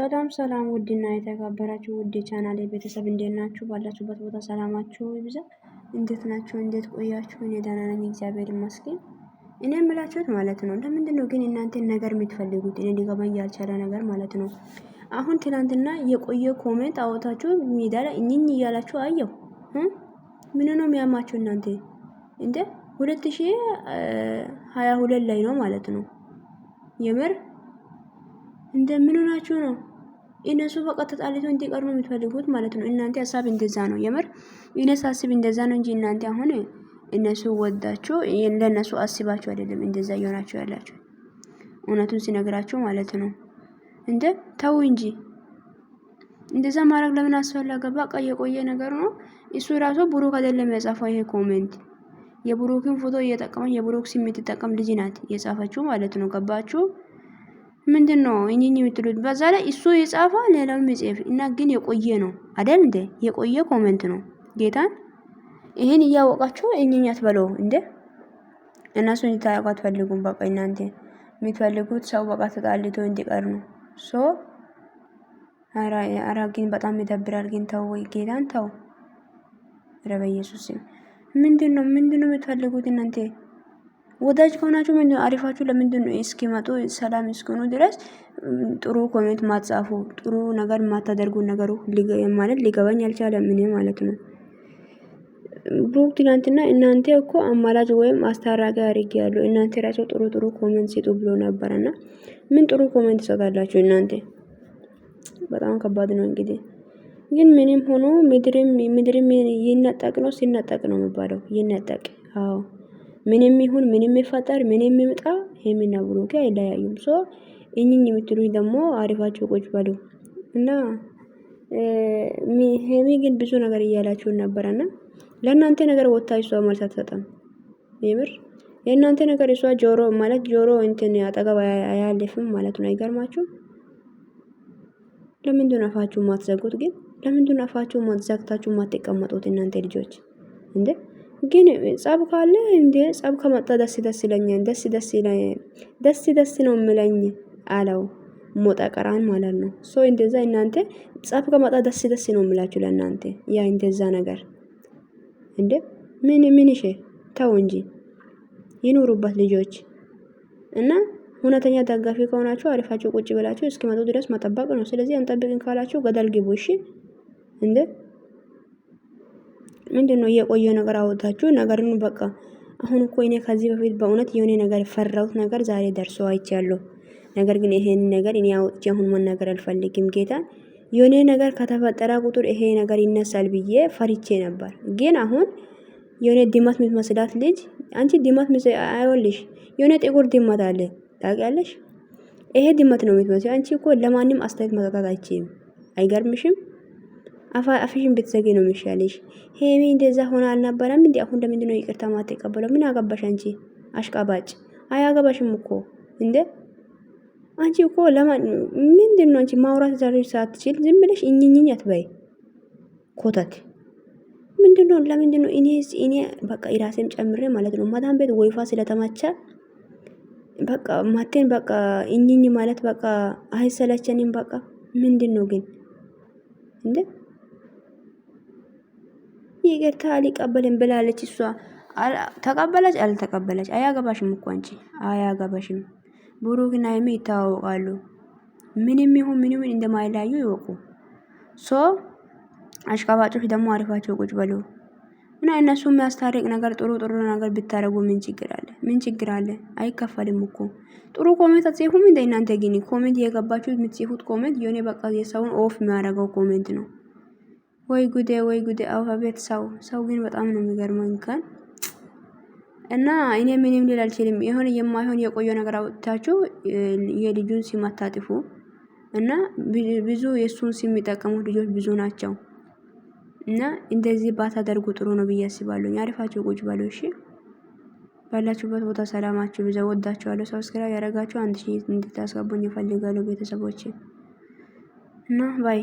ሰላም ሰላም ውድና የተከበራችሁ ውድ ቻናል ቤተሰብ እንዴት ናችሁ? ባላችሁበት ቦታ ሰላማችሁ ይብዛ። እንዴት ናችሁ? እንዴት ቆያችሁ? እኔ ደህና ነኝ፣ እግዚአብሔር ይመስገን። እኔ የምላችሁት ማለት ነው ለምንድን ነው ግን እናንተን ነገር የምትፈልጉት? እኔ ሊገባኝ ያልቻለ ነገር ማለት ነው። አሁን ትናንትና የቆየ ኮሜንት አወታችሁ ሜዳ ላይ እኝኝ እያላችሁ አየው ምን ነው የሚያማችሁ እናንተ እንደ ሁለት ሀያ ሁለት ላይ ነው ማለት ነው የምር እንደምን ሆናችሁ ነው እነሱ በቃ ተጣልቶ እንዲቀሩ ነው የምትፈልጉት ማለት ነው። እናንተ ሀሳብ እንደዛ ነው። የምር እኔ ሳስብ እንደዛ ነው እንጂ እናንተ አሁን እነሱ ወዳችሁ ለእነሱ አስባችሁ አይደለም እንደዛ እየሆናችሁ ያላችሁ። እውነቱን ሲነግራችሁ ማለት ነው። እንደ ተው እንጂ እንደዛ ማድረግ ለምን አስፈለገ? በቃ የቆየ ነገር ነው እሱ ራሱ። ብሩክ አይደለም የጻፈው ይሄ ኮሜንት የብሩክን ፎቶ እየጠቀመች የብሩክ ስም የምትጠቀም ልጅ ናት የጻፈችው ማለት ነው። ገባችሁ? ምንድን ነው እኝኝ የምትሉት? በዛ ላይ እሱ የጻፈ ሌላው መጽሐፍ እና ግን የቆየ ነው አደል እንዴ? የቆየ ኮመንት ነው። ጌታን ይህን እያወቃችሁ እኝኝ አትበለው እንዴ? እነሱ እንዲታያቁ አትፈልጉም። በቃ እናንተ የምትፈልጉት ሰው በቃ ተጣልቶ እንዲቀር ነው። ሶ አራ ግን በጣም ይደብራል። ግን ተው ጌታን ተው። ረበ ኢየሱስ ምንድን ነው ምንድን ነው የምትፈልጉት እናንተ? ወዳጅ ከሆናችሁ ምን አሪፋችሁ ለምንድን ነው እስኪመጡ ሰላም እስኪሆኑ ድረስ ጥሩ ኮሜንት ማትጻፉ ጥሩ ነገር ማታደርጉ ነገሩ ማለት ሊገባኝ አልቻለም። ምን ማለት ነው ብሩክ ትናንትና እናንተ እኮ አማላጅ ወይም አስታራቂ አርግ ያለው እናንተ ራሱ ጥሩ ጥሩ ኮሜንት ሲጡ ብሎ ነበረና ምን ጥሩ ኮሜንት ይሰጣላችሁ እናንተ? በጣም ከባድ ነው እንግዲህ ግን ምንም ሆኖ ምድርም ምድርም ይነጠቅ ነው ሲነጠቅ ነው የሚባለው ይነጠቅ። አዎ ምንም ይሁን ምንም ይፈጠር ምንም ይምጣ ሄሚና ብሩኬ አይለያዩም። ሶ እኝኝ የምትሉኝ ደግሞ አሪፋቸው ቁጭ በሉ እና ሄሚ ግን ብዙ ነገር እያላችሁን ነበረና ለእናንተ ነገር ወታ እሷ መልስ አትሰጠም። የምር የእናንተ ነገር እሷ ጆሮ ማለት ጆሮ እንትን አጠገብ አያልፍም ማለት ነው። አይገርማችሁ? ለምንድን አፋችሁ ማትዘጉት ግን? ለምንድን አፋችሁ ማትዘግታችሁ ማትቀመጡት እናንተ ልጆች እንዴ? ግን ጸብ ካለ እንዴ ጸብ ከመጣ ደስ ደስ ይለኛል። ደስ ደስ ይለኝ ደስ ደስ ነው የምለኝ አለው ሞጠቀራን ማለት ነው። ሶ እንደዛ እናንተ ጸብ ከመጣ ደስ ደስ ነው ምላችሁ ለእናንተ ያ እንደዛ ነገር እንዴ ምን ምን ይሽ ተው እንጂ ይኑሩበት ልጆች እና እውነተኛ ደጋፊ ከሆናችሁ አሪፋችሁ ቁጭ ብላችሁ እስኪመጡ ድረስ መጠበቅ ነው። ስለዚህ አንጠብቅን ካላችሁ ገደል ግቡ። እሺ እንዴ ምንድን ነው እየቆየ ነገር አወጣችሁ ነገርን በቃ አሁን እኮ እኔ ከዚህ በፊት በእውነት የሆነ ነገር ፈራሁት ነገር ዛሬ ደርሶ አይቻለሁ። ነገር ግን ይሄን ነገር እኔ አውጥቼ አሁን መናገር አልፈልግም። ጌታ የሆነ ነገር ከተፈጠረ ቁጥር ይሄ ነገር ይነሳል ብዬ ፈሪቼ ነበር። ግን አሁን የሆነ ድመት የምትመስላት ልጅ አንቺ ድመት ምስ አይወልሽ የሆነ ጥቁር ድመት አለ ታውቂያለሽ? ይሄ ድመት ነው የምትመስለው። አንቺ እኮ ለማንም አስተያየት መሰጣት አይችልም። አይገርምሽም? አፍሽን ብትዘጊ ነው የሚሻልሽ። ሄሚ እንደዛ ሆና አልነበረም እንዲ አሁን ለምንድን ነው ይቅርታ የማትቀበለው? ምን አገባሽ አንቺ አሽቃባጭ? አያገባሽም እኮ እንደ አንቺ እኮ ለማን ምንድን ነው አንቺ ማውራት ዛሬ ሳትችል ዝም ብለሽ እኝኝኝ አትበይ። ኮተት ምንድን ነው? ለምንድን ነው እኔስ እኔ በቃ ራሴም ጨምሬ ማለት ነው ማዳም ቤት ወይፋ ስለተማቻ በቃ ማቴን በቃ እኝኝ ማለት በቃ አይሰለቸንም። በቃ ምንድን ነው ግን እንዴ ይቅርታ አልቀበልም ብላለች። እሷ ተቀበለች አልተቀበለች አያገባሽም እኮ አንቺ አያገባሽም። ብሩክና ሀይሚ ይተዋወቃሉ። ምንም ይሁን ምንም እንደማይለያዩ ይወቁ። ሶ አሽቃባጮች ደግሞ አሪፋቸው ቁጭ በሉ እና እነሱ የሚያስታርቅ ነገር ጥሩ ጥሩ ነገር ብታረጉ ምን ችግር አለ? ምን ችግር አለ? አይከፈልም እኮ ጥሩ ኮሜንት አትጽፉም እንደ እናንተ ግን ኮሜንት የገባችሁ የምትጽፉት ኮሜንት የሆነ በቃ የሰውን ኦፍ የሚያደርገው ኮሜንት ነው። ወይ ጉዴ ወይ ጉዴ ቤት ሰው ሰው ግን በጣም ነው የሚገርመኝ። ከን እና እኔ ምንም ሊል አልችልም። የሆነ የማይሆን የቆየ ነገር አውጥታችሁ የልጁን ስም አታጥፉ። እና ብዙ የእሱን ስም የሚጠቀሙ ልጆች ብዙ ናቸው። እና እንደዚህ ባታደርጉ ጥሩ ነው ብዬ አስባለሁ። ቁጭ በሉ እሺ። ባላችሁበት ቦታ ሰላማችሁ ብዛ። ወዳችኋለሁ። ሰብስክራይብ ያደረጋችሁ አንድ ሺህ እንድታስገቡኝ እፈልጋለሁ ቤተሰቦቼ እና ባይ